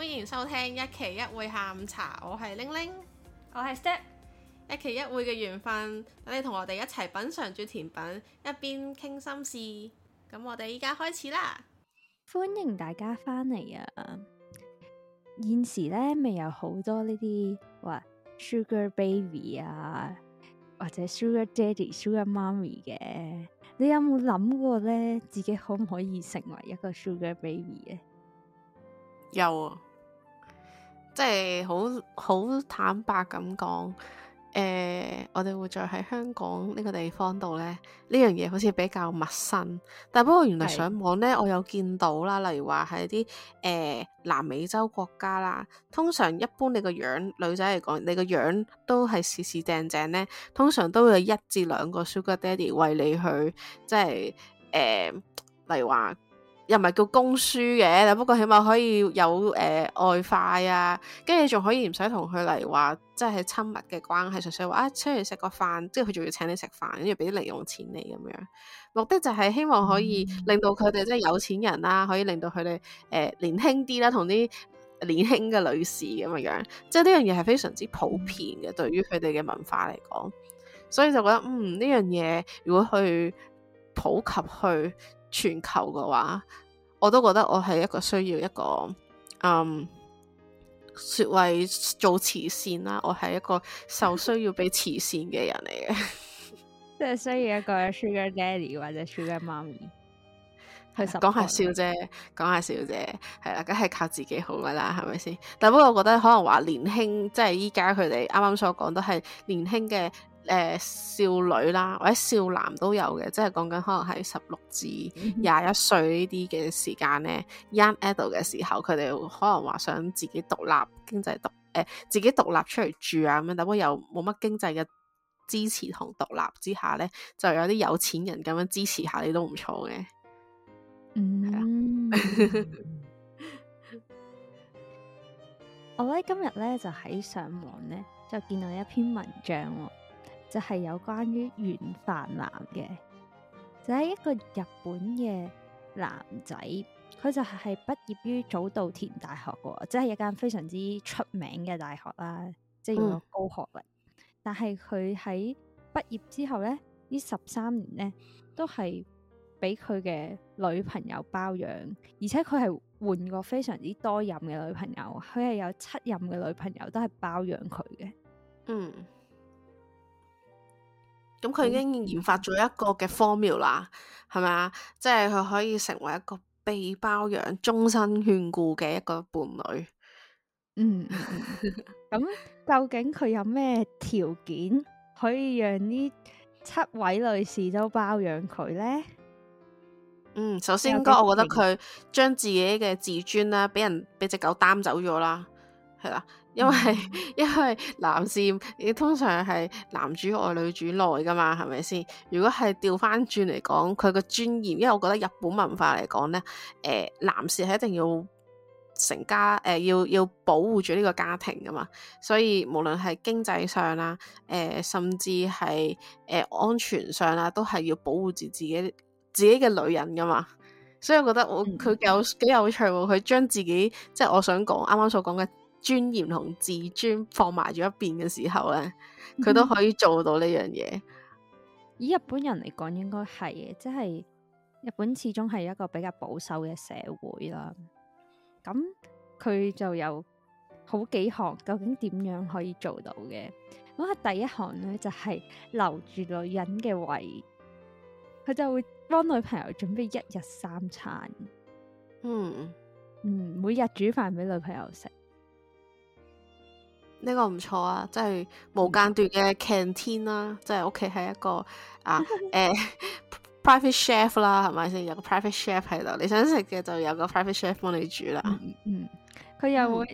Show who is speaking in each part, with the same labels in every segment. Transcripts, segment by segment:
Speaker 1: 歡迎收聽一期一會下午茶，我係玲玲，我係 Step，一期一會嘅緣分，等你同我哋一齊品嘗住甜品，一邊傾心事。咁我哋依家開始啦，
Speaker 2: 歡迎大家翻嚟啊！現時咧未有好多呢啲話 sugar baby 啊，或者 sugar daddy、sugar mommy 嘅，你有冇諗過咧，自己可唔可以成為一個 sugar baby 嘅？有啊。即係好好坦白咁講，
Speaker 1: 誒、呃，我哋活在喺香港呢個地方度咧，呢樣嘢好似比較陌生。但不過原來上網咧，是我有見到啦，例如話喺啲誒南美洲國家啦，通常一般你個樣女仔嚟講，你個樣都係四四正正咧，通常都會有一至兩個 Sugar Daddy 為你去，即係誒、呃，例如話。又唔係叫供書嘅，不過起碼可以有誒、呃、外快啊，跟住仲可以唔使同佢嚟話，即係親密嘅關係，純粹話啊，出去食個飯，即係佢仲要請你食飯，跟住俾啲零用錢你咁樣，目的就係希望可以令到佢哋、嗯、即係有錢人啦、啊，可以令到佢哋誒年輕啲啦，同啲年輕嘅女士咁樣樣，即係呢樣嘢係非常之普遍嘅，對於佢哋嘅文化嚟講，所以就覺得嗯呢樣嘢如果去普及去。全球嘅話，我都覺得我係一個需要一個，嗯，說為做慈善啦，我係一個受需要俾慈善嘅人嚟嘅，
Speaker 2: 即係需要一個 sugar daddy 或者 sugar
Speaker 1: mommy 去講下笑啫，講下笑啫，係啦，梗係靠自己好㗎喇，係咪先？ 但不過我覺得可能話年輕，即係依家佢哋啱啱所講都係年輕嘅。誒、呃、少女啦，或者少男都有嘅，即係講緊可能喺十六至廿一歲呢啲嘅時間咧 ，young adult 嘅時候，佢哋可能話想自己獨立經濟獨誒、呃、自己獨立出嚟住啊咁樣，但不過又冇乜經濟嘅支持同獨立之下咧，就有啲有錢人咁樣支持下你都唔
Speaker 2: 錯嘅。嗯， 我咧今日咧就喺上網咧就見到一篇文章喎、哦。就係有關於軟飯男嘅，就係、是、一個日本嘅男仔，佢就係係畢業於早稻田大學嘅，即、就、係、是、一間非常之出名嘅大學啦，即係要高學歷。嗯、但係佢喺畢業之後咧，呢十三年咧都係俾佢嘅女朋友包養，而且佢係換過非常之多任嘅女朋友，佢係有七任嘅女朋友都係包養佢嘅，嗯。
Speaker 1: 咁佢已經研發咗一個嘅 formula 係咪啊？即係佢可以成為一個被包養、終身眷顧嘅一個伴侶。嗯，
Speaker 2: 咁究竟佢有咩條件可以讓呢七位女士都包養佢咧？嗯，首先，應該，我覺得佢
Speaker 1: 將自己嘅自尊啦，俾人俾隻狗擔走咗啦，係啦。因為因為男士，你通常係男主外女主內噶嘛，係咪先？如果係調翻轉嚟講，佢個尊嚴，因為我覺得日本文化嚟講咧，誒、呃，男士係一定要成家，誒、呃，要要保護住呢個家庭噶嘛。所以無論係經濟上啦，誒、呃，甚至係誒、呃、安全上啦，都係要保護住自己自己嘅女人噶嘛。所以我覺得我佢有幾有趣，佢將自己，嗯、即係我想講啱啱所講嘅尊嚴同自尊放埋咗一邊嘅時候咧，佢都可以做到呢樣嘢。
Speaker 2: 以日本人嚟講，應該係嘅，即係日本始終係一個比較保守嘅社會啦。咁佢就有好幾項，究竟點樣可以做到嘅？嗰、嗰個第一項咧，就係、係、留住女人嘅胃，佢就會幫女朋友準備一日三餐。嗯嗯，每日煮飯俾女朋友食。呢個唔錯啊！間斷啊嗯、即係無間斷嘅
Speaker 1: canteen 啦，即係屋企係一個 啊誒、欸、 private chef 啦，係咪先有個 private chef 喺度？你想食嘅就有個 private chef 幫你煮啦。嗯，
Speaker 2: 佢、嗯、又會、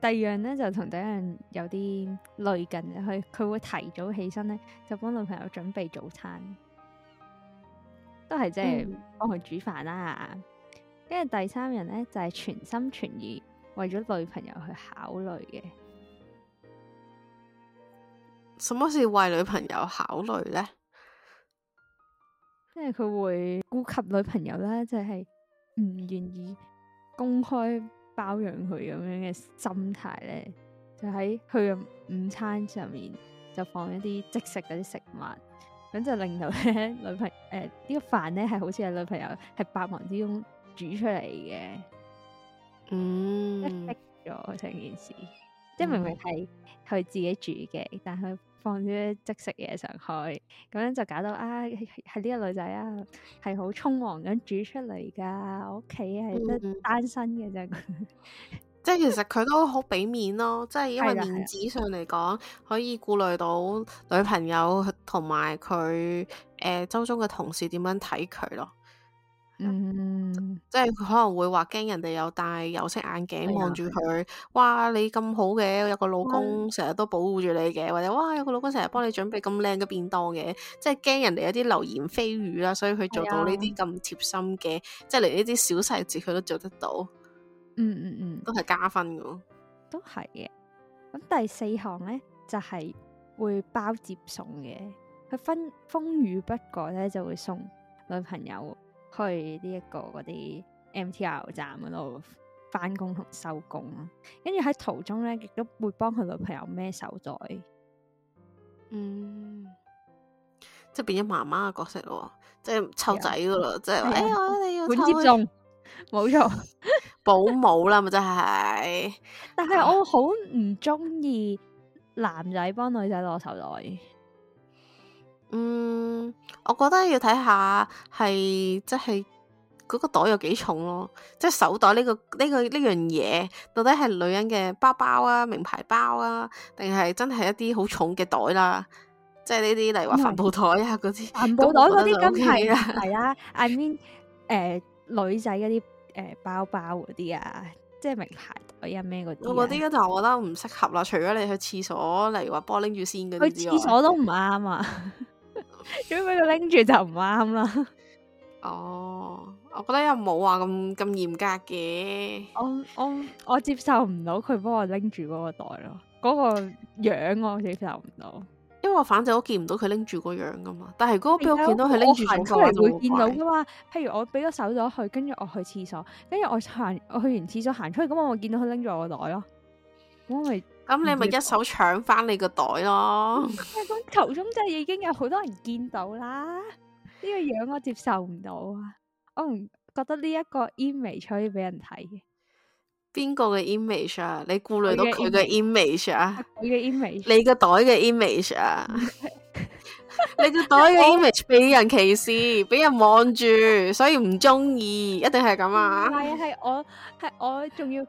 Speaker 2: 嗯、第二樣咧，就同第一樣有啲類近嘅，佢佢會提早起身咧，就幫女朋友準備早餐，都係即係幫佢煮飯啦。跟住、嗯、第三人咧，就係、是、全心全意為咗女朋友去考慮嘅。什
Speaker 1: 麼是為女朋友考慮咧？
Speaker 2: 即係佢會顧及女朋友啦，就係唔願意公開包養佢咁樣嘅心態咧，就喺佢嘅午餐上面就放一啲即食嗰啲食物，咁就令到咧，女朋友誒呢個飯咧係好似係女朋友喺、呃這個、百忙之中煮出嚟嘅，嗯，逼咗成件事，即係明明係佢自己煮嘅，嗯、但係。放啲即食嘢上去，咁樣就搞到啊！係呢個女仔啊，係好匆忙咁煮出嚟噶。我屋企係得單身嘅啫，嗯嗯、
Speaker 1: 即係其實佢都好俾面咯，即係因為面子上嚟講， 可以顧慮到女朋友同埋佢誒，周中嘅同事點樣睇佢咯。嗯，即係佢可能會話驚人哋有戴有色眼鏡望住佢，哇！你咁好嘅，有個老公成日都保護住你嘅。嗯、或者哇，有個老公成日幫你準備咁靚嘅便當嘅，即係驚人哋有啲流言蜚語啦，所以佢做到呢啲咁貼心嘅，的即係連呢啲小細節佢都做得到。
Speaker 2: 嗯嗯嗯，嗯嗯都係加分嘅，都係嘅。咁第四項咧就係、是、會包接送嘅，佢分風雨不改咧就會送女朋友。去呢、這、一個嗰啲 MTR 站嗰度翻工同收工，跟住喺途中咧亦都會幫佢女朋友孭手袋，
Speaker 1: 嗯，即係變咗媽媽嘅角色咯，即係湊仔噶啦，有即係，哎呀，我哋要接送，冇錯，保姆啦，咪真係，
Speaker 2: 但係我好唔中意男仔幫女仔攞手袋。嗯，我覺得要睇下係
Speaker 1: 即係嗰個袋有幾重咯，即係手袋呢、這個呢、這個呢樣嘢到底係女人嘅包包啊、名牌包啊，定係真係一啲好重嘅袋啦？即係呢啲例如話帆布袋啊嗰啲，帆布袋嗰啲梗係係
Speaker 2: 啦。I mean，誒女仔嗰啲誒包包嗰啲啊，即係名牌袋啊咩嗰啲，我嗰啲
Speaker 1: 就我覺得唔適合啦。除咗你去廁所，例如話幫我拎住先嗰啲，去廁所
Speaker 2: 都唔啱啊。如果俾佢拎住就唔啱啦。哦，oh, 我覺得又冇話咁咁嚴格嘅。我我我接受唔到佢幫我拎住嗰個袋咯，嗰、嗰個樣我接受唔到。
Speaker 1: 因為我反正我見唔到佢拎住個樣噶嘛。但係嗰個俾我見到佢拎住行出嚟，會見到噶
Speaker 2: 嘛。 譬如我俾咗手袋去，跟住我去廁所，跟住我行我，我去完廁所行出去，咁我見到佢拎住我個袋咯。因為。咁你咪一手
Speaker 1: 搶翻你個袋咯！我
Speaker 2: 頭先真係已經有好多人見到啦，呢個樣我接受唔到啊！我唔覺得呢一個 image 可以俾人睇嘅。邊個嘅
Speaker 1: image 啊？你顧慮到佢嘅 image 啊？佢嘅
Speaker 2: image，你個
Speaker 1: 袋嘅 image 啊？你個袋嘅 image 俾人歧視，俾人望住，所以唔中意，一定係咁啊！係啊，
Speaker 2: 係我，係我仲要。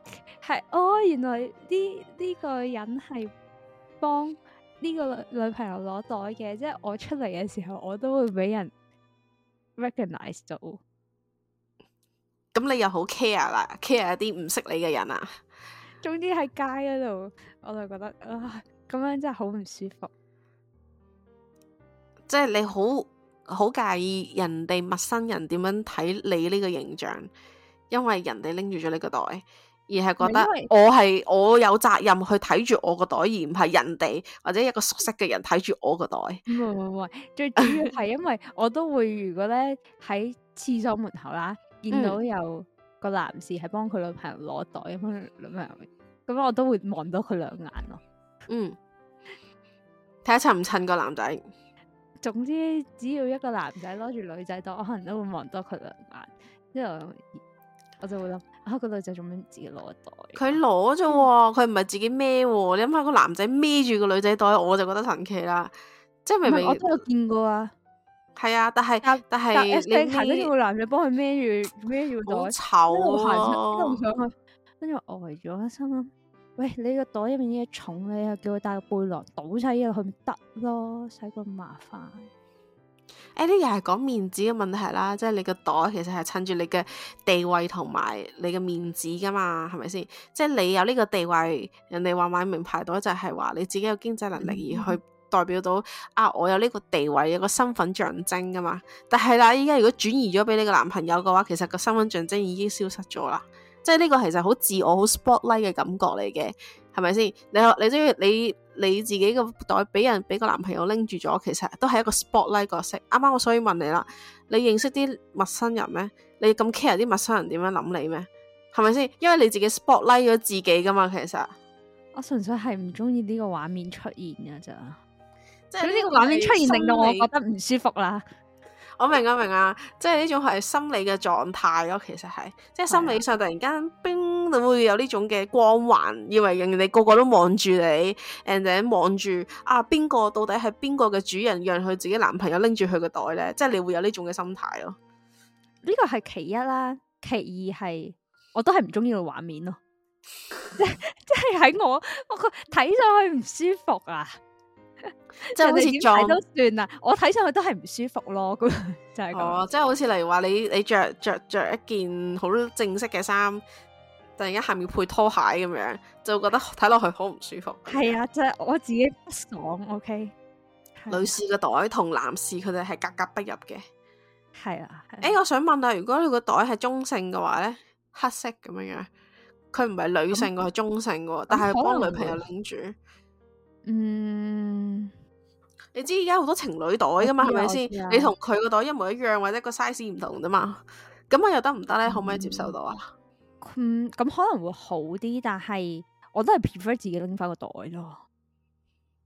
Speaker 2: 係哦，原來呢呢、呢個人係幫呢個女，女朋友攞袋嘅，即係我出嚟嘅時候，我都會俾人 recognize 到。咁、嗯、你又好 care 啦，care 一啲唔識你嘅人啊。總之喺街嗰度，我就覺得啊，咁樣真係好唔舒服。
Speaker 1: 即係你好好介意人哋陌生人點樣睇你呢個形象，因為人哋拎住咗呢個袋。而係覺得我係我有責任去睇住我個袋，而唔係人哋或者一個熟悉嘅人睇住我個袋。
Speaker 2: 唔係唔係，最主要係因為我都會如果咧喺廁所門口啦，見到有個男士係幫佢女朋友攞袋咁樣，咁、嗯、樣我都會望多佢兩眼咯。嗯，睇下襯唔襯個男仔。總之，只要一個男仔攞住女仔袋，我可能都會望多佢兩眼，之後我就會諗。 睇下個女仔做咩自己攞袋，啊，佢
Speaker 1: 攞咗喎，佢唔係自己孭喎，啊。你諗下個男仔孭住個女仔袋，我就覺得神奇啦。即係明明我都有見過啊，係啊，但係但係但係你係跟住個
Speaker 2: 男仔幫佢孭住孭住袋，好醜啊，跟住唔想啊，跟住我呆咗一陣啦。喂，你個袋入面啲嘢重，你又叫我帶個背囊倒曬啲嘢落去，咪得咯，使咁麻煩。
Speaker 1: 誒、呢，哎、又係講面子嘅問題啦，即係你個袋其實係襯住你嘅地位同埋你嘅面子噶嘛，係咪先？即係你有呢個地位，人哋話買名牌袋就係、是、話你自己有經濟能力，而去代表到啊，我有呢個地位，有個身份象徵噶嘛。但係啦，依家如果轉移咗俾你個男朋友嘅話，其實個身份象徵已經消失咗啦。即係呢個其實好自我、好 spotlight 嘅感覺嚟嘅。係咪先？你你中意你你自己個袋俾人俾個男朋友拎住咗，其實都係一個 spotlight 角色。啱啱我所以問你啦，你認識啲陌生人咩？你咁 care 啲陌生人點樣諗你咩？係咪先？因為你自己 spotlight 咗自己噶嘛，其實
Speaker 2: 我純粹係唔中意呢個畫面出現噶咋。咁呢個畫面出現，令到我覺得唔舒服啦。
Speaker 1: 我明啊明啊，即係呢種係心理嘅狀態咯，其實係，即係心理上突然間，冰你會有呢種嘅光環，以為人哋個個都望住你，and 望住啊邊個到底係邊個嘅主人，讓佢自己男朋友拎住佢個袋咧，即係你會有呢種嘅心態咯。
Speaker 2: 呢個係其一啦，其二係我都係唔中意個畫面咯，即係喺我我睇上去唔舒服啊。即係好似着都算啊， 我睇上去都係唔舒服咯。咁就係、是、講，即係、哦就是、好似例如話你
Speaker 1: 你着着着一件好正式嘅衫，突然間下面配拖鞋咁樣，就會覺得睇落去好唔舒服。係啊，
Speaker 2: 就係、是、我自己不爽。OK，
Speaker 1: 女士嘅袋同男士佢哋係格格不入嘅。
Speaker 2: 係啊，誒、啊
Speaker 1: 欸，我想問，問下，如果你個袋係中性嘅話咧，黑色咁樣樣，佢唔係女性嘅，係、嗯、中性嘅，但係幫女朋友拎住。嗯，mm hmm. 你知而家好多情侶袋噶嘛，係咪先？是是你同佢個袋一模一樣，或者個 size 唔同咋嘛？
Speaker 2: 咁 我又得唔得咧？可唔可以接受到啊？嗯、mm，咁可能會好啲，但係我都係 prefer 自己拎翻個袋咯。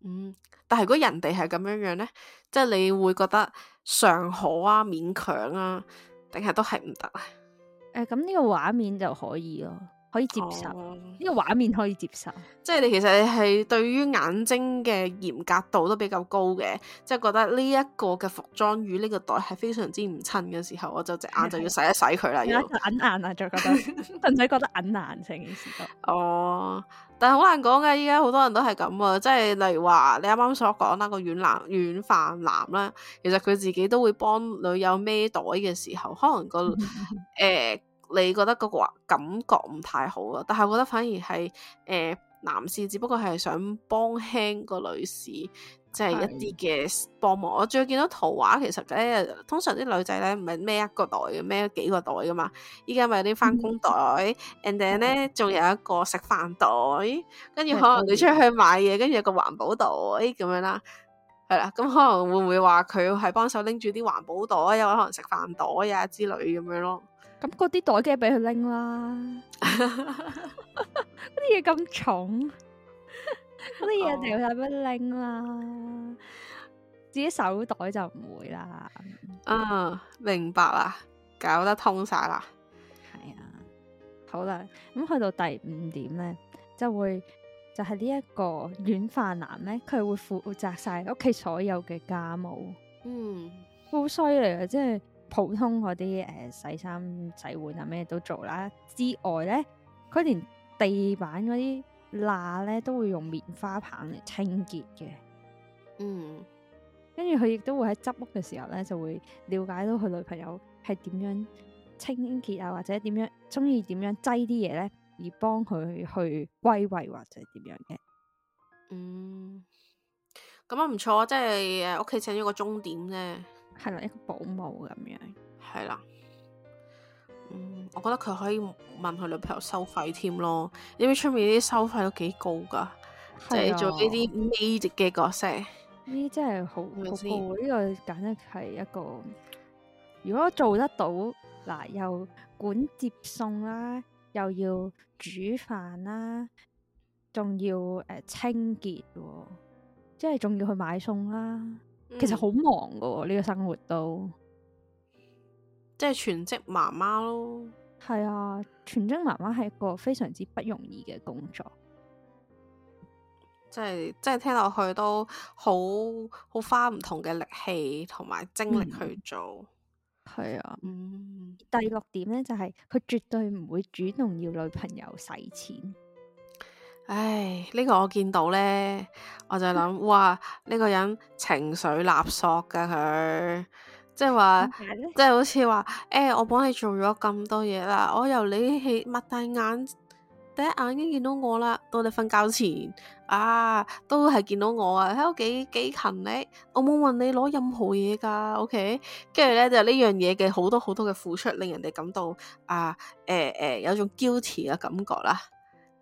Speaker 2: 嗯，但係如果人哋
Speaker 1: 係咁樣樣咧，即、就、係、是、你會覺得尚可啊、勉強啊，定係都係唔得啊？誒、嗯，咁、呃、呢個畫面就可以咯。可以接受呢、哦、個畫面可以接受，即係你其實係對於眼睛嘅嚴格度都比較高嘅，即、就、係、是、覺得呢一個嘅服裝與呢個袋係非常之唔襯嘅時候，我就隻眼就要洗一洗佢啦。要
Speaker 2: 揞的后眼啊，仲覺得，唔使 覺得揞眼成件事
Speaker 1: 都。哦，但係好難講噶，依家好多人都係咁啊，即係例如話你啱啱所講啦，那個軟男軟飯男啦，其實佢自己都會幫女友孭袋嘅時候，可能個誒。 呃你覺得嗰個感覺唔太好咯，但係我覺得反而係誒、呃、男士，只不過係想幫輕個女士，即、就、係、是、一啲嘅幫忙。我最見到圖畫其實咧，通常啲女仔咧唔係孭一個袋，孭幾個袋噶嘛。依家咪有啲翻工袋，嗯，and then 咧仲有一個食飯袋，嗯，跟住可能你出去買嘢，跟住有個環保袋咁樣啦，係啦。咁可能會唔會話佢係幫手拎住啲環保袋，又可能食飯袋呀、啊、之類咁樣咯？
Speaker 2: 咁嗰啲袋梗係俾佢拎啦，嗰啲嘢咁重，嗰啲嘢掉又點拎啦？Oh. 自己手袋就唔會啦。啊，uh, 明白啦，搞得通晒啦。係啊，好啦，咁去到第五點咧，就會就係呢一個軟飯男咧，佢會負責晒屋企所有嘅家務。嗯、mm.，好犀利啊，即係。普通嗰啲誒，洗衫洗碗啊，咩都做啦。之外咧，佢連地板嗰啲罅咧都會用棉花棒嚟清潔嘅。嗯，跟住佢亦都會喺執屋嘅時候咧，就會了解到佢女朋友係點樣清潔啊，或者點樣中意點樣擠啲嘢咧，而幫佢去歸位或者點樣嘅。嗯，
Speaker 1: 咁啊唔錯，即係誒屋企請咗個鐘點咧。係啦，一個保姆咁樣。係啦，嗯，我覺得佢可以問佢女朋友收費添咯，因為出面啲收費都幾高噶。
Speaker 2: 即係做呢啲
Speaker 1: maid 嘅角色，呢
Speaker 2: 啲真係好恐怖！呢、這個簡直係一個，如果做得到嗱，又管接送啦，又要煮飯啦，仲要誒、呃、清潔、喔，即係仲要去買餸啦。其實好忙㗎喎，呢個生活都即係全職媽媽咯。係啊，全職媽媽係一個非常之不容易嘅工作。
Speaker 1: 即係即係聽落去都好好花唔同嘅力氣同埋精力去做。
Speaker 2: 係、嗯、啊，嗯。第六點咧就係佢絕對唔會主動要女朋友使錢。唉，呢、這個我見到咧，我就諗， 哇，呢、這個人
Speaker 1: 情緒勒索噶佢，即係話， 即係好似話，誒、哎，我幫你做咗咁多嘢啦，我由你起擘大眼，第一眼已經見到我啦，到你瞓覺前啊，都係見到我啊，喺屋企幾勤力，我冇問你攞任何嘢噶，OK，跟住咧就呢樣嘢嘅好多好多嘅付出，令人哋感到啊，誒、呃、誒、呃呃，有種 guilty 嘅感覺啦。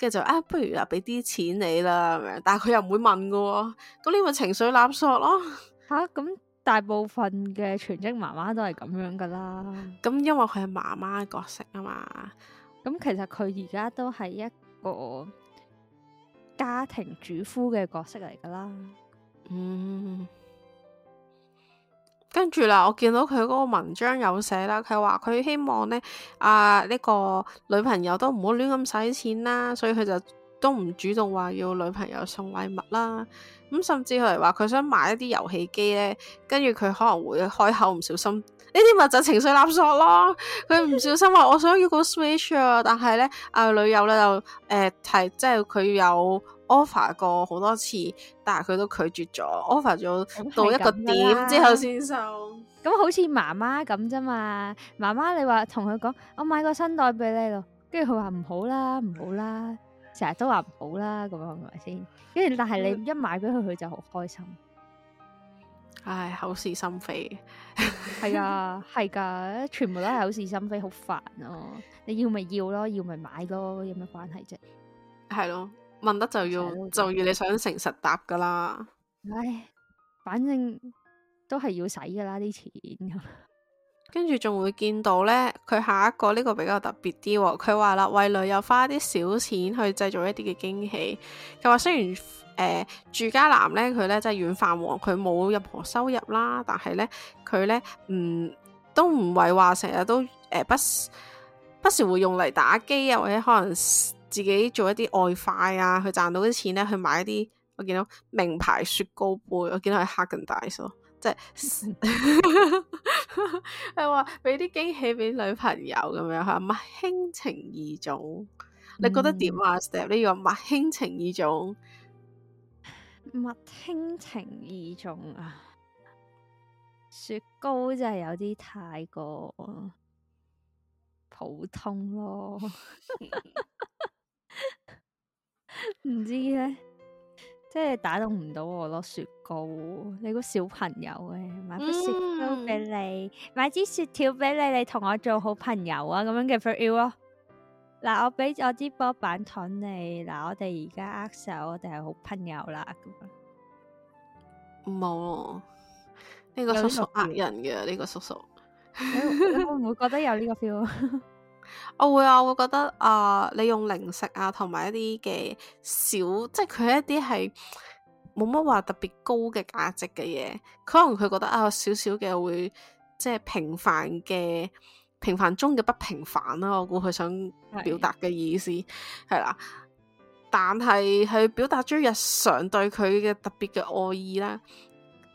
Speaker 1: 就啊，不如又俾啲錢你啦，咁樣，但係佢又唔會問嘅，咁呢個情緒勒索咯。
Speaker 2: 吓、啊，咁大部分嘅全職媽媽都係咁樣噶啦，咁因為佢係媽媽角色啊嘛，咁其實佢而家都係一個家庭主夫嘅角色嚟噶啦，嗯。
Speaker 1: 跟住啦，我見到佢嗰個文章有寫啦，佢話佢希望咧，啊呢個女朋友都唔好亂咁使錢啦，所以佢就都唔主動話要女朋友送禮物啦。咁、嗯、甚至佢哋話佢想買一啲遊戲機咧，跟住佢可能會開口唔小心，呢啲咪就情緒勒索咯。佢唔小心話我想要個 Switch 啊，但係咧，啊女友咧就誒，係即係佢有。offer 過好多次，但係佢都拒絕咗，offer 咗到一個點之後先
Speaker 2: 收。咁好似媽媽咁啫嘛，媽媽你話同佢講，我買個新袋俾你咯，跟住佢話唔好啦，唔好啦，成日都話唔好啦，咁係咪先？跟住但係你一買俾佢，佢就好開心。唉，口是心非， 係啊，係噶，全部都係口是心非，好煩咯、啊。你要咪要咯，要咪買咯，有咩關係啫？
Speaker 1: 係咯。問得就要就要你想誠實答噶啦，
Speaker 2: 唉，反正都係要使噶啦啲錢，跟住仲會見到呢，
Speaker 1: 佢下一個呢個比較特別啲，佢話啦為女友花啲小錢去製造一啲嘅驚喜。佢話雖然誒住家男呢，佢呢真係軟飯王，佢冇任何收入啦，但係呢，佢呢嗯都唔係話成日都誒不不時會用嚟打機啊或者可能。自己做一啲外快啊，去賺到啲錢咧，去買一啲，我見到名牌雪糕杯，我見到係哈根達斯，即係係話俾啲驚喜俾女朋友咁樣吓，物輕情義重，嗯、你覺得點啊？Step 呢個
Speaker 2: 物輕情義重，物輕情義重啊，雪糕真係有啲太過普通咯。 唔 知咧，即係打動唔到我咯。雪糕，你個小朋友嘅買杯雪糕俾你，嗯、買支雪條俾你，你同我做好朋友啊！咁樣嘅 for you 咯。嗱，我俾咗支波板糖你，嗱，我哋而家握手，我哋係好朋友啦。咁樣，冇哦，呢、這個叔叔呃人
Speaker 1: 嘅，呢、這個叔叔，
Speaker 2: 我、 欸欸、會唔會覺得有呢個 feel。
Speaker 1: 我會啊，我會覺得啊、呃，你用零食啊，同埋一啲嘅小，即係佢一啲係冇乜話特別高嘅價值嘅嘢，佢可能佢覺得啊，少少嘅會即係平凡嘅平凡中嘅不平凡啦、啊，我估佢想表達嘅意思係啦的，但係係表達咗日常對佢嘅特別嘅愛意啦。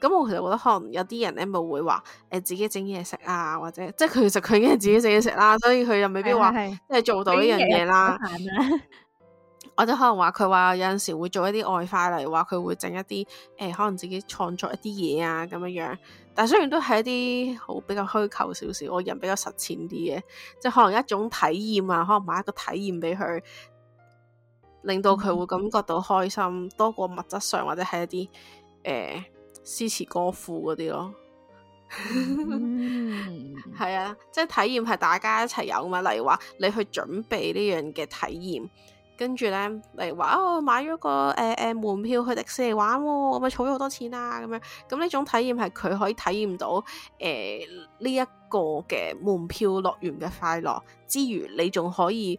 Speaker 1: 咁我其實覺得可能有啲人咧咪會話，誒、哎、自己整嘢食啊，或者即係佢其實佢已經係自己整嘢食啦，所以佢又未必話即係做到呢樣嘢啦。我都 可能話佢話有陣時會做一啲外快嚟，話佢會整一啲誒、哎、可能自己創作一啲嘢啊咁樣樣。但雖然都係一啲好比較虛構少少，我人比較實踐啲嘅，即係可能一種體驗啊，可能買一個體驗俾佢，令到佢會感覺到開心、嗯、多過物質上或者係一啲誒。詩詞歌賦嗰啲咯，係、 mm hmm. 啊，即係體驗係大家一齊有嘛。例如話你去準備呢樣嘅體驗，跟住咧，例如話哦，我買咗個誒誒、呃呃、門票去迪士尼玩，哦，咁咪儲咗好多錢啊，咁樣咁呢種體驗係佢可以體驗到誒呢一個嘅門票樂園嘅快樂之餘，你仲可以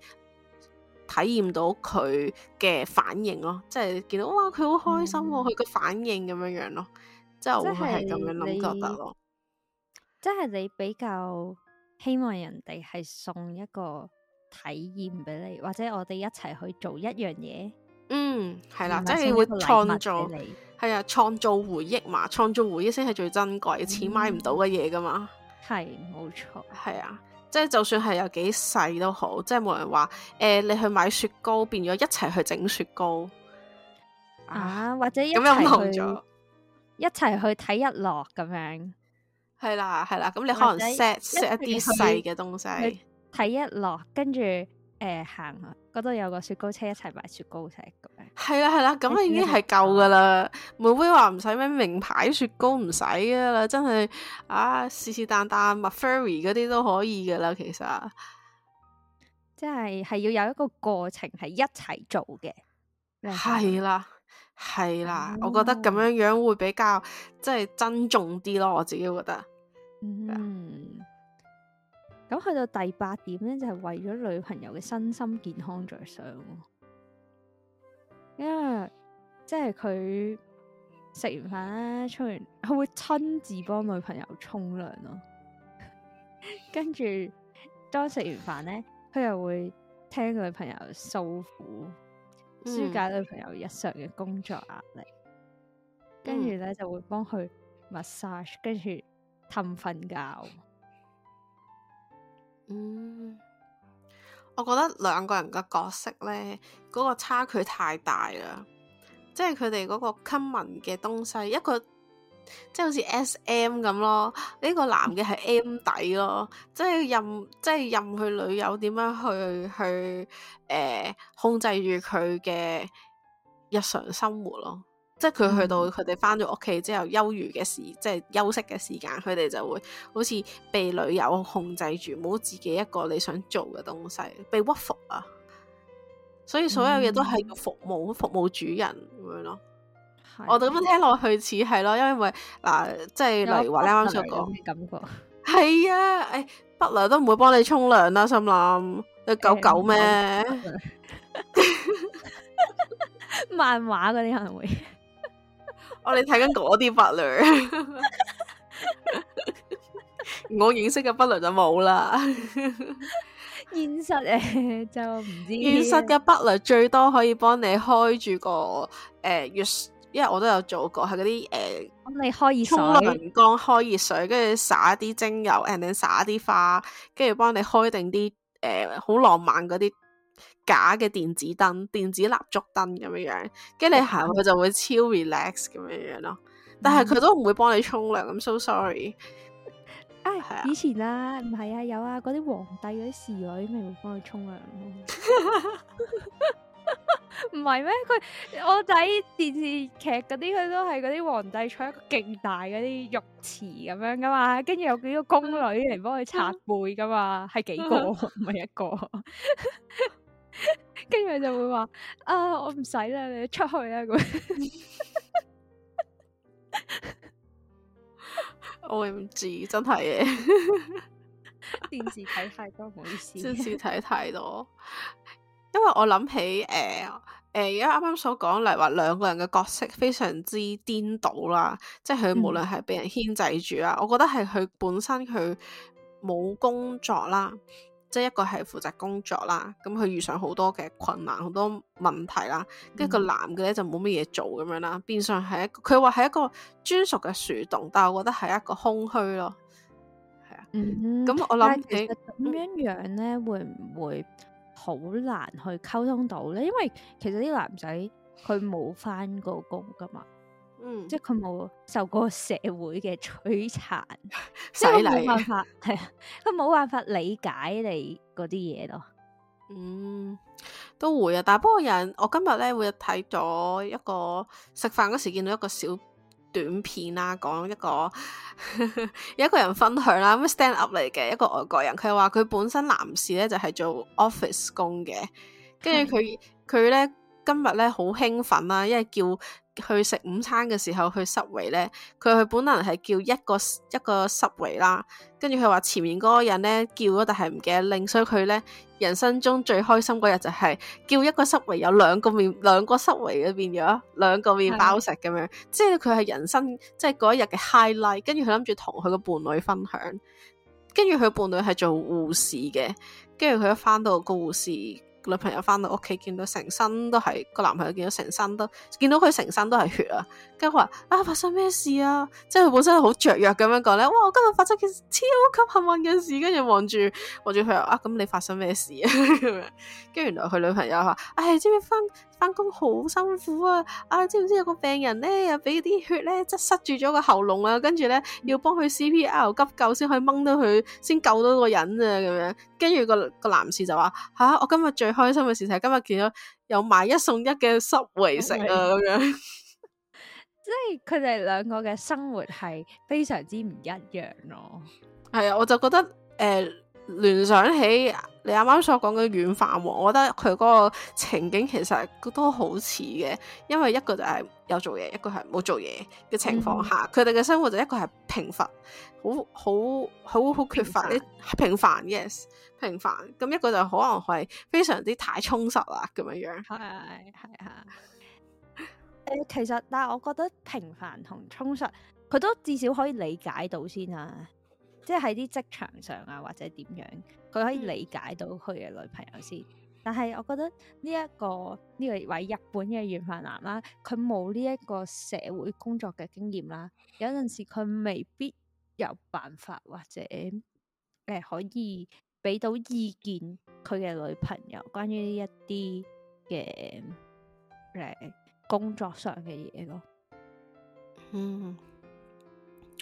Speaker 1: 體驗到佢嘅反應咯，即係見到哇，佢好開心，啊，佢個、mm hmm. 反應咁樣樣咯。我會咁樣諗，覺得咯
Speaker 2: 即係，即係你比較希望人哋係送一個體驗俾你，或者我哋一齊去做一樣嘢。
Speaker 1: 嗯，係啦，不即係會創造你，係啊，創造回憶嘛，創造你回憶先係最珍貴，錢買唔到嘅嘢噶嘛。係、嗯，冇錯。係啊，即係就算係有幾細都好，即係冇人話誒、呃，你去買雪糕變咗一齊去整
Speaker 2: 雪糕啊，啊，或者咁又唔同咗。一齊去睇日落咁樣，
Speaker 1: 係啦係啦，咁你可能 set set 的一啲細嘅東西，
Speaker 2: 睇日，日落，跟住誒行嗰度有個雪糕車，一齊買雪糕食
Speaker 1: 咁樣。係啦係啦，咁已經係夠噶啦。妹妹話唔使咩名牌雪糕，唔使噶啦，真係啊，是是旦旦 McFlurry 嗰啲都可以噶啦，其
Speaker 2: 實。即係係要有一個過程，係一齊做嘅，係啦的。係啦，oh. 我覺得咁樣樣會比較即係、就是、
Speaker 1: 珍重啲咯，我自己覺得。嗯，
Speaker 2: 咁去到第八點咧，就係、是、為咗女朋友嘅身心健康着想、哦，因為即係佢食完飯啦、啊，沖完，佢會親自幫女朋友沖涼咯。 跟住，當食完飯咧，佢又會聽女朋友訴苦。舒解女朋友日常嘅工作壓力，跟住咧就會幫佢 massage，跟住氹瞓覺。嗯，我覺得兩個人嘅角色咧嗰、嗰個差距
Speaker 1: 太大啦，即係佢哋嗰個 common 嘅東西一個。即係好似 SM 咁咯，呢、這個男嘅係 M 底咯，即係任即係任佢女友點樣去去誒、呃、控制住佢嘅日常生活咯，即係佢去到佢哋返咗屋企之後，休餘嘅時即係休息嘅時間，佢哋就會好似被女友控制住，冇自己一個你想做嘅東西，被屈服啊，所以所有嘢都係要服務、嗯、服務主人咁樣咯。我哋咁樣聽落去似係咯，因為嗱，即係例如話你啱啱想講，感覺係啊，誒、哎，不良都唔會幫你沖涼啦，心諗你狗狗咩？漫畫嗰啲可能會， 我哋睇緊嗰啲不良， 我認識嘅不良就冇啦。
Speaker 2: 現實誒就唔知，現實
Speaker 1: 嘅不良最多可以幫你開住個誒、呃因為我都有做過，係嗰啲誒，幫、呃、你開熱水，沖光淋缸，開熱水，跟住撒啲精油，and then 撒啲花，跟住幫你開定啲誒，好、呃、浪漫嗰啲假嘅電子燈、電子蠟燭燈咁樣樣，跟住你行佢、嗯、就會超 relax 咁樣樣咯。但係佢都唔會幫你沖涼，咁、嗯、so sorry。
Speaker 2: 哎啊、以前啊，唔係啊，有啊，嗰啲皇帝嗰啲侍女咪會幫佢沖涼。 唔係咩？佢我睇電視劇嗰啲，佢都係嗰啲皇帝坐一個勁大嗰啲浴池咁樣噶嘛，跟住有個宮 幾個宮女嚟幫佢擦背噶嘛，係幾個唔係一個？跟住佢就會話啊，我唔使啦，你出去啊！我
Speaker 1: O M G，真係嘅。
Speaker 2: 電視睇太多，唔好意思。電視睇
Speaker 1: 太多， 因為我諗起誒。呃誒，而家啱啱所講，例如話兩個人嘅角色非常之顛倒啦，即係佢無論係俾人牽制住啦，嗯、我覺得係佢本身佢冇工作啦，即係一個係負責工作啦，咁佢遇上好多嘅困難、好多問題啦，跟住，嗯，個男嘅咧就冇乜嘢做咁樣啦，變相係一個，佢話係一個專屬嘅樹
Speaker 2: 洞，但係我覺得係一個空虛咯。係啊，咁，嗯嗯，我諗，但係其實咁樣樣咧，會唔會？好難去溝通到咧，因為其實啲男仔佢冇翻過工噶嘛，嗯，即係佢冇受過社會嘅摧殘，力即係佢冇辦法，係啊，佢冇辦法理解你嗰啲嘢咯，嗯，都會啊，但係不過有人我今日
Speaker 1: 咧會睇咗一個食飯嗰時見到一個小。短片啦，講一個 有一個人分享啦，咁 stand up 嚟嘅，一個外國人，佢話佢本身男士咧就係、是、做 office 工嘅，跟住佢佢咧今日咧好興奮啦，因為叫。去食午餐嘅時候去 Subway 咧，佢佢本能係叫一個一個 Subway 啦，跟住佢話前面嗰個人咧叫咗，但係唔記得拎，所以佢咧人生中最開心嗰日就係、是、叫一個 Subway 有兩個麵兩個 Subway 變咗兩個麵包食咁樣的即是是，即係佢係人生即係嗰一日嘅 highlight，跟住佢諗住同佢個伴侶分享，跟住佢伴侶係做護士嘅，跟住佢一翻到個護士。女朋友翻到屋企，見到成身都係個男朋友見，見到成身都見到佢成身都係血啊！跟住佢話啊，發生咩事啊？即係佢本身好雀躍咁樣講咧，哇！我今日發生件超級幸運嘅事，跟住望住望住佢啊，咁你發生咩事啊？咁樣跟住原來佢女朋友話：，唉、哎，知唔知翻。翻工好辛苦啊！啊，知唔知有個病人咧，又俾啲血咧，即塞住咗個喉嚨啊，跟住咧要幫佢 CPR 急救先可以掹到佢，先救到個人啊，咁樣。跟住個個男士就話，吓、啊，我今日最開心嘅事就係今日見到有買一送一嘅 Subway 食啊，咁、嗯、樣。
Speaker 2: 即係佢哋兩個嘅生活係非常之唔一樣咯。
Speaker 1: 係啊， 我就覺得誒。呃聯想起你阿媽所講嘅軟飯王，我覺得佢嗰個情景其實都好似嘅，因為一個就係有做嘢，一個係冇做嘢嘅情況下，佢哋嘅生活就一個係平，平凡，好好好好缺乏啲平凡，yes 平凡，咁一個就可能係非常之太充實啦咁樣樣。
Speaker 2: 係係啊，啊、呃。其實但係我覺得平凡同充實，佢都至少可以理解到先啊。即係喺啲職場上啊，或者點樣，佢可以理解到佢嘅女朋友先。但係我覺得呢一個呢個位日本嘅軟飯男啦，佢冇呢一個社會工作嘅經驗啦，有陣時佢未必有辦法或者誒可以俾到意見佢嘅女朋友關於呢一啲嘅誒工作上嘅嘢咯。嗯。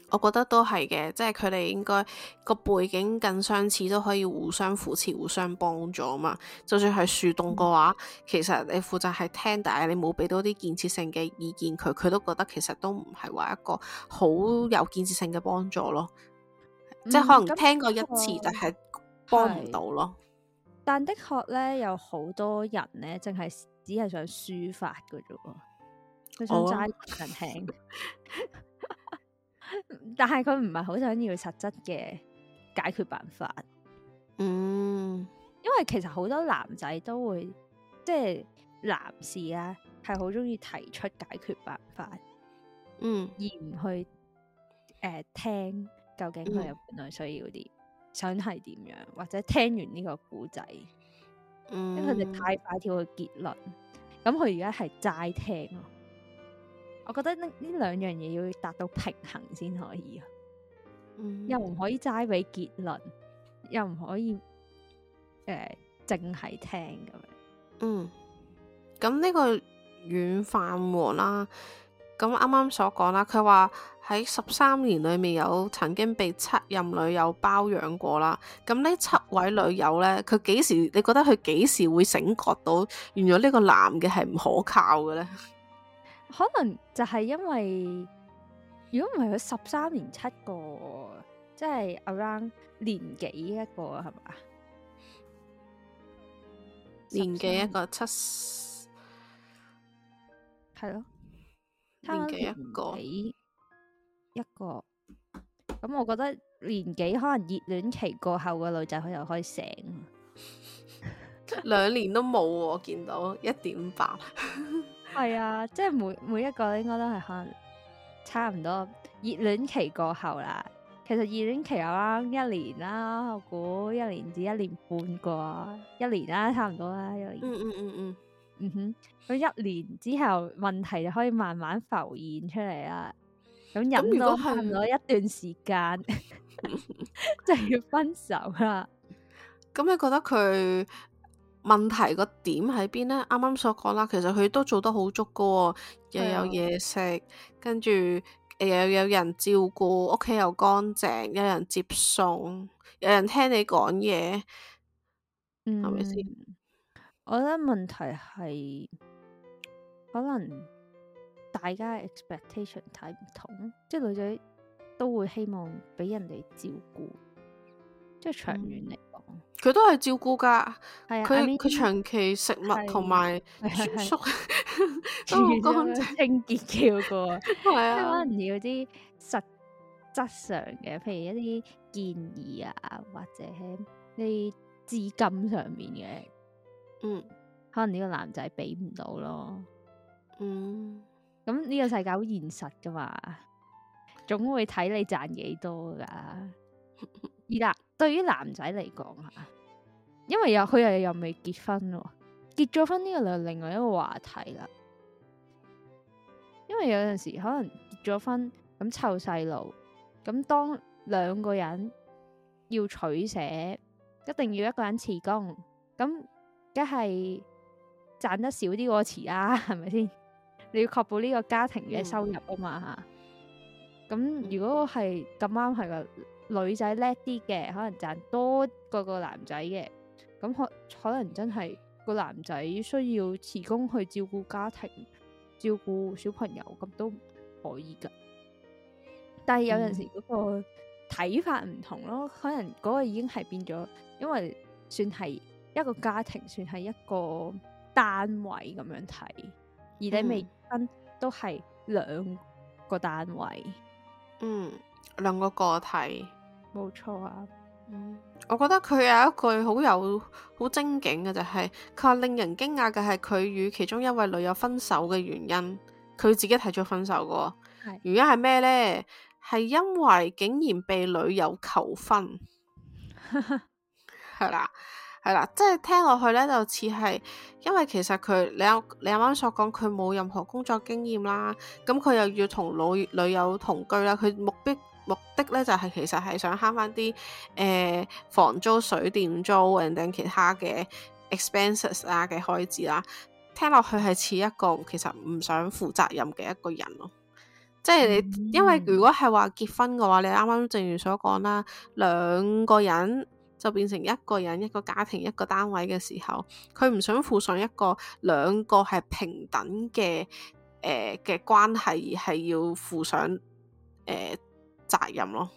Speaker 1: 我覺得都係嘅，即係佢哋應該個背景更相似，都可以互相扶持、互相幫助嘛。就算係樹洞嘅話，嗯、其實你負責係聽，但係你冇俾多啲建設性嘅意見佢，佢都覺得其實都唔係話一個好有建設性嘅幫助咯。嗯、
Speaker 2: 即係可能聽過一次、嗯嗯、但係就
Speaker 1: 係幫唔到咯。
Speaker 2: 但的確咧，有好多人咧，淨係只係想抒發嘅啫，佢想齋人聽。但係佢唔係好想要實質嘅解決辦法，嗯，因為其實好多男仔都會，即係男士啦、啊，係好中意提出解決辦法，嗯，而唔去誒、呃、聽究竟佢有冇需要啲，嗯、想係點樣，或者聽完呢個古仔，嗯、因為佢哋太快跳去結論，咁佢而家係齋聽咯。我覺得呢呢兩樣嘢要達到平衡先可、嗯、可，可以，又唔可以齋俾結論，又唔可以誒淨係聽咁樣。嗯，咁呢個
Speaker 1: 軟飯王啦，咁啱啱所講啦，佢話喺十三年裏面有曾經被七任女友包養過啦。咁呢七位女友咧，佢幾時？你覺得佢幾時會醒覺到，原來呢個男嘅係唔可靠嘅咧？
Speaker 2: 可能就係因為，如果唔係佢十三年七個，即係 around 年幾一個係嘛？年幾一個七，係咯，
Speaker 1: 年幾一個，幾
Speaker 2: 一個咁？噉我覺得年幾可能熱戀期過後嘅女仔佢又可以醒， 兩
Speaker 1: 年都冇我見到
Speaker 2: 一點八。 係 啊，即係每每一個應該都係可能差唔多熱戀期過後啦。其實熱戀期我啱一年啦，我估一年至一年半啩，啊，一年啦，差唔多啦。一年嗯嗯嗯嗯，嗯哼，咁一年之後問題就可以慢慢浮現出嚟啦。咁忍到耐一段時間，即係 要分手啦。
Speaker 1: 咁你覺得佢？ 問題個點喺邊呢？啱啱所講啦，其實佢都做得好足嘅喎，又有嘢食，跟住又有人照顧，屋企又乾淨，有人接送，有人聽你講嘢，嗯，係咪先？
Speaker 2: 我覺得問題係可能大家 expectation 太唔同，即係女仔都會希望俾人哋照顧，即係長遠嚟。嗯
Speaker 1: 佢都係照顧㗎，
Speaker 2: 佢佢長
Speaker 1: 期食物同埋住宿
Speaker 2: 都好乾淨、清潔嘅嗰個 的，係啊。可能要啲實質上嘅，譬如一啲建議啊，或者係啲資金上面嘅，嗯，可能呢個男仔俾唔到咯。嗯，咁呢個世界好現實㗎嘛，總會睇你賺幾多㗎。依達。對於男仔嚟講啊，因為又佢又又未結婚咯，結咗婚，呢個就另外一個話題啦。因為有陣時可能結咗婚咁湊細路，咁當兩個人要取捨，一定要一個人辭工，咁梗係賺得少啲嗰個辭啦，係咪先？你要確保呢個家庭嘅收入啊嘛吓。咁、嗯、如果係咁啱係個女仔叻啲嘅，可能賺多過個男仔嘅，咁可可能真係個男仔需要辭工去照顧家庭、照顧小朋友，咁都可以噶。但係有陣時嗰個睇法唔同咯，嗯、可能嗰個已經係變咗，因為算係一個家庭，算係一個單位咁樣睇，
Speaker 1: 而你未
Speaker 2: 婚都係兩個單位。嗯嗯嗯，兩個個體冇錯啊。嗯，我覺得佢有一句
Speaker 1: 好有好精警嘅就係，是，佢令人驚訝嘅係佢與其中一位女友分手嘅原因，佢自己提出分手嘅，係是原因係咩呢？係因為竟然被女友求婚，係啦。 係啦，即係聽落去咧，就似係，因為其實佢你有，你啱啱所講，佢冇任何工作經驗啦，咁佢又要同老女友同居啦，佢目的目的咧就係、是、其實係想慳翻啲誒房租水、水電租，and 其他嘅 expenses 啊嘅開支啦。聽落去係似一個其實唔想負責任嘅一個人咯，即係你因為如果係話結婚嘅話，你啱啱正如所講啦，兩個人。就變成一個人一個家庭一個單位嘅時候，佢唔想負上一個兩個係平等嘅誒嘅關係而，而係要負上誒責任咯。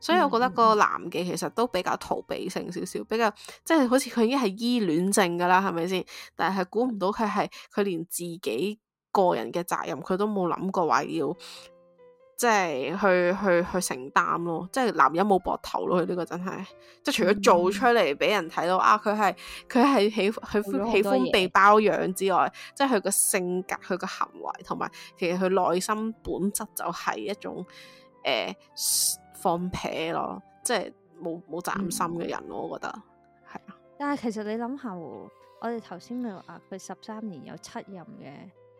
Speaker 1: 所以我覺得個男嘅其實都比較逃避性少少，比較即係，就是，好似佢已經係依戀症㗎啦，係咪先？但係估唔到佢係佢連自己個人嘅責任佢都冇諗過話要。即係去去去承擔咯，即係男人冇膊頭咯。佢、這、呢個真係即係，除咗做出嚟俾、嗯、人睇到啊，佢係佢係喜佢喜喜歡被包養之外，嗯、即係佢個性格、佢個行為同埋，其實佢內心本質就係一種誒、欸、放屁咯，即係冇冇責任心嘅人咯。嗯、我覺得
Speaker 2: 係啊，但係其實你諗下，我我哋頭先咪話佢十三年有七任嘅，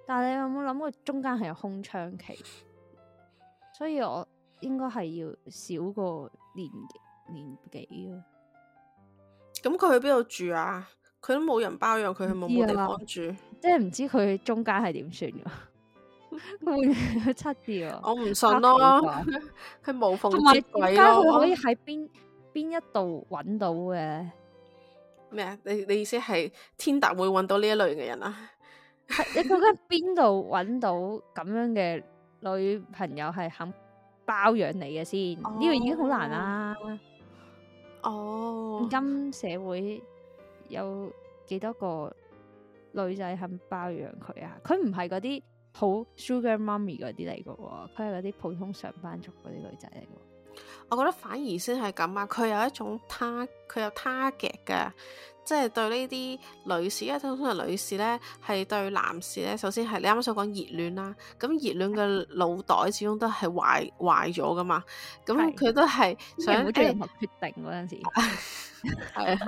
Speaker 2: 但係你有冇諗過中間係有空窗期？所以我應該係要少過年年幾咯。
Speaker 1: 咁佢去邊度住啊？佢都冇人包養佢，係冇冇地方住？
Speaker 2: 即係唔知佢中間係點算噶？ 七我七我唔信咯。佢冇縫同埋，點解佢可以喺邊邊一度搵到嘅？
Speaker 1: 咩啊？你你意思係 Tinder 會搵到呢一類嘅人啊？
Speaker 2: 係 你究竟喺邊度搵到咁樣嘅？女朋友係肯包養你嘅先，呢、oh, 個已經好難啦。哦，oh. oh. 今社會有幾多個女仔肯包養佢啊？佢唔係嗰啲好 sugar mommy 嗰啲嚟㗎，佢係嗰啲普通上班族嗰啲女仔嚟㗎。
Speaker 1: 我覺得反而先係咁啊！佢有一種他，佢有 target 嘅，即係對呢啲女士，因為通常女士呢係對男士呢。首先係你啱啱所講熱戀啦，咁熱戀嘅腦袋始終都係壞壞咗噶嘛，咁、嗯、佢的都係想做決定嗰陣時。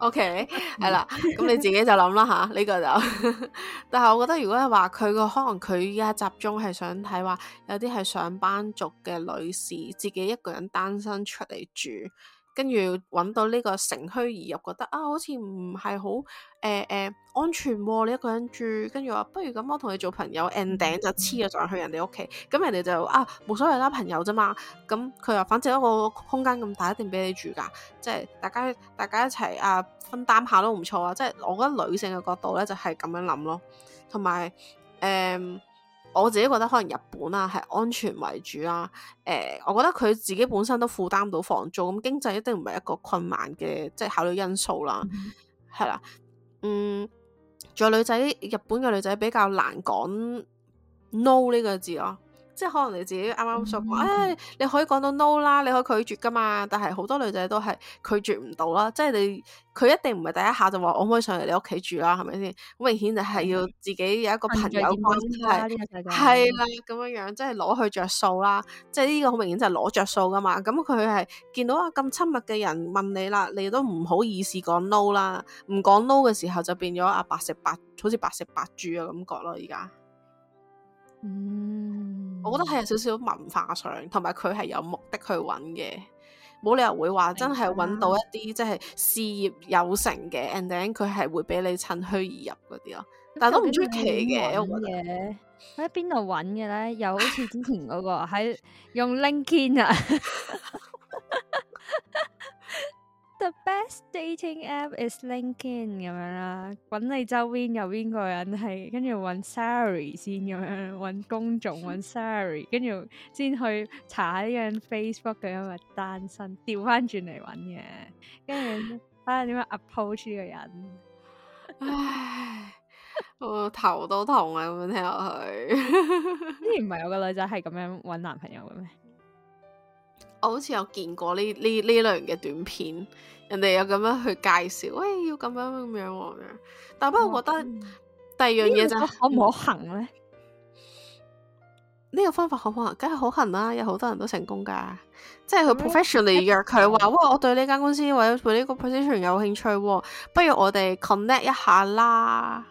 Speaker 1: O K，係啦，咁 Okay ,、yeah, 你自己就諗啦吓，呢、這個就， 但係我覺得如果係話佢個可能佢而家集中係想睇話，有啲係上班族嘅女士自己一個人單身出嚟住。跟住揾到呢個乘虛而入，覺得啊，好似唔係好誒誒安全喎、啊，你、這、一個人住。跟住話，不如咁，我同你做朋友 ending 就黐咗上去人哋屋企。咁人哋就啊，冇所謂啦，朋友啫嘛。咁佢話，反正一個空間咁大，一定俾你住㗎。即係大家大家一齊啊，分擔下都唔錯啊。即係我覺得女性嘅角度呢，就係、是、咁樣諗咯。同埋誒。呃我自己覺得可能日本啊係安全為主啦、啊，誒、呃，我覺得佢自己本身都負擔到房租，咁經濟一定唔係一個困難嘅即係考慮因素啦，係啦、嗯，嗯，仲有女仔，日本嘅女仔比較難講 no 呢個字咯、啊。即係可能你自己啱啱想講，誒、嗯哎，你可以講到 no 啦，你可以拒絕噶嘛。但係好多女仔都係拒絕唔到啦，即係你佢一定唔係第一下就話我可以上嚟你屋企住啦，係咪先？好明顯就係要自己有一個朋友關係，係啦咁樣樣，即係攞去着數啦。即係呢個好明顯就係攞着數噶嘛。咁佢係見到啊咁親密嘅人問你啦，你都唔好意思講 no 啦，唔講 no 嘅時候就變咗啊白食白，好似白食白住嘅感覺咯，而家。嗯，我覺得係有少少文化上，同埋佢係有目的去揾嘅，冇理由會話真係揾到一啲即係事業有成嘅 ending，佢係會俾你趁虛而入嗰啲咯。但係都唔出奇嘅，嗯、我覺
Speaker 2: 得。喺邊度揾嘅咧？有好似之前嗰、嗰個喺 用 LinkedIn 啊。 The best dating app is LinkedIn 咁樣啦，搵你周邊有邊個人係，跟住搵 salary 先咁樣，搵工種搵 salary 跟住先去查下呢樣 Facebook 咁樣嘅單身，調翻轉嚟搵嘅，跟住睇下點樣 approach 呢個人。唉， 我頭都痛啊！咁樣聽落去，之 前唔係有個女仔係咁樣搵男朋友嘅咩？
Speaker 1: 我好似有見過呢呢呢類型嘅短片，人哋有咁樣去介紹，喂、哎，要咁樣咁樣，但不過我覺得、嗯、第二樣嘢就可唔可行咧？呢個方法可唔可，可，可行？梗係可行啦，啊，有好多人都成功㗎。即係佢 professionally 約佢話、嗯，他喂，我對呢間公司或者對呢個 position 有興趣，啊，不如我哋 connect 一下啦。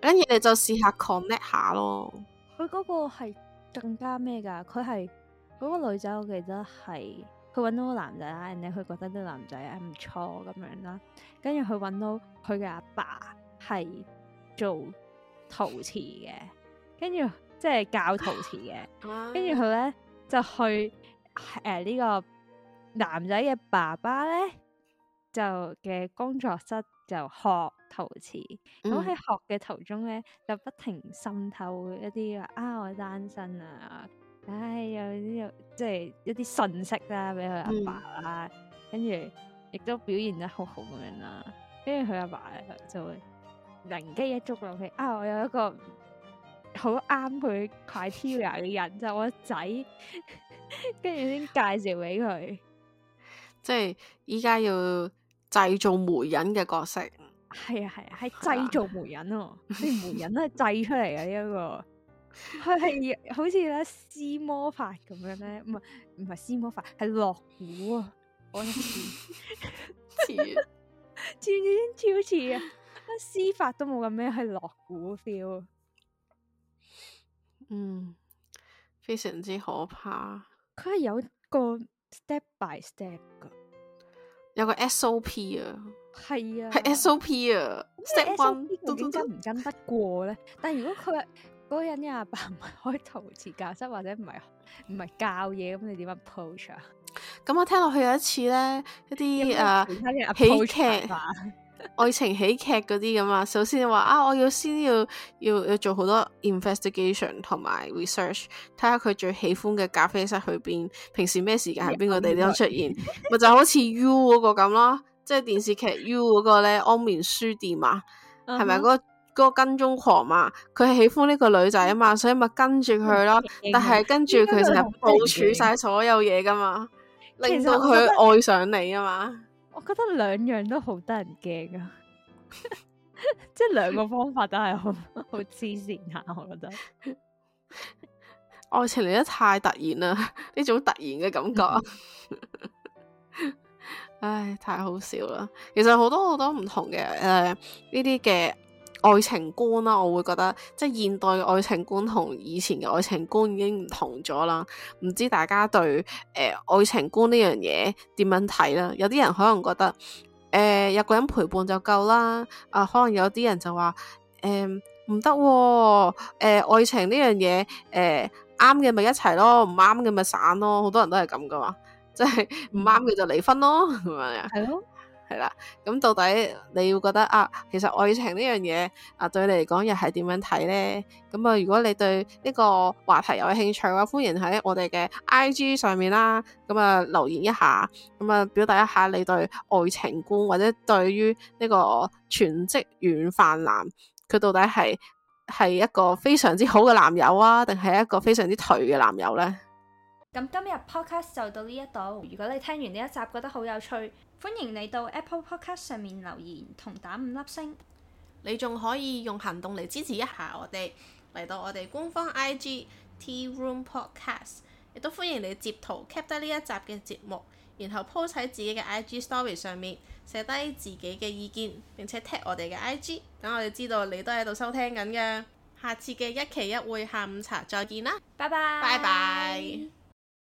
Speaker 1: 跟住你就試下 connect 下咯。
Speaker 2: 佢嗰個係更加咩㗎？佢係。嗰個女仔，我記得係佢揾到個男仔啦，人哋佢覺得啲男仔係唔錯咁樣啦。跟住佢揾到佢嘅阿爸係做陶瓷嘅，跟住即係教陶瓷嘅。跟住佢咧就去誒呢、呃這個男仔嘅爸爸咧就嘅工作室就學陶瓷。咁喺、嗯、學嘅途中咧就不停滲透一啲啊，我單身啊！唉、哎，有啲、這、有、個、即係一啲信息啦，俾佢阿爸啦，跟住亦都表現得好好咁樣啦。跟住佢阿爸就會靈機一觸落去，啊，我有一個好啱佢 criteria 嘅人 就我仔，跟住先介紹俾佢。
Speaker 1: 即係依家要製造媒人嘅角色。係啊係啊，
Speaker 2: 係製造媒人、哦，啲媒人都係製出嚟嘅呢一個。佢係好似咧施魔法咁樣咧，唔係唔係施魔法，係落蠱啊！我似似似超似啊！施法都冇咁咩，係落蠱 feel。嗯，
Speaker 1: 非常之可怕。
Speaker 2: 佢係有個 step by step 噶，
Speaker 1: 有個 S O P
Speaker 2: 啊，係啊，係 S, S O P 啊。Step one 究竟跟唔跟得過咧？ 但係如果佢。嗰個人阿爸唔係開陶瓷教室，或者唔係唔係教嘢咁，你點樣 approach 啊？
Speaker 1: 咁我聽落去有一次咧，一啲誒喜劇、愛情喜劇嗰啲咁啊。首先你話啊，我要先要要要做好多 investigation 同埋 research，睇下佢最喜歡嘅咖啡室去邊，平時咩時間喺邊個地方出現，咪就好似 U 嗰個咁咯，即係電視劇 U 嗰個咧安眠書店啊，係咪嗰嗰個跟蹤狂嘛，佢係喜歡呢個女仔啊嘛，所以咪跟住佢咯。啊、但係跟住佢成日部署晒所有嘢噶嘛，令到佢愛上
Speaker 2: 你嘛啊嘛。 我覺得兩樣都好得人驚啊，即係兩個方法都係好好黐線下。我覺得
Speaker 1: 愛情嚟得太突然啦，呢種突然嘅感覺， 唉，太好笑啦。其實好多好多唔同嘅呢啲嘅。呃愛情觀啦，我會覺得即係現代嘅愛情觀同以前嘅愛情觀已經唔同咗啦。唔知大家對誒、呃、愛情觀呢樣嘢點樣睇啦？有啲人可能覺得誒有、呃、個人陪伴就夠啦。啊、呃，可能有啲人就話誒唔得，誒、呃啊呃、愛情呢樣嘢誒啱嘅咪一齊咯，唔啱嘅咪散咯。好多人都係咁噶嘛，即係唔啱嘅就離婚咯，係咪啊？係咯。係啦，咁到底你會覺得啊，其實愛情呢樣嘢啊，對你嚟講又係點樣睇呢？咁啊，如果你對呢個話題有興趣嘅話，歡迎喺我哋嘅 I G 上面啦，咁啊，啊留言一下，咁啊，啊表達一下你對愛情觀或者對於呢個全職軟飯男，佢到底係係一個非常之好嘅男友啊，定係一個非常之頹嘅男友呢？
Speaker 2: 咁今日 podcast 就到呢一度，如果你聽完呢一集覺得好有趣。歡迎你到 Apple Podcast 上面留言同打五粒星，你
Speaker 1: 仲可以用行動嚟支持一下我哋嚟到我哋官方 IG Tea Room Podcast，亦都歡迎你截圖 cap 低呢一集嘅節目，然後 post 喺自己嘅 IG Story 上面，寫低自己嘅意見，並且 tag 我哋嘅 IG，等我哋知道你都喺度收聽緊嘅，下次嘅一期一會下午茶再見啦，拜拜，拜拜。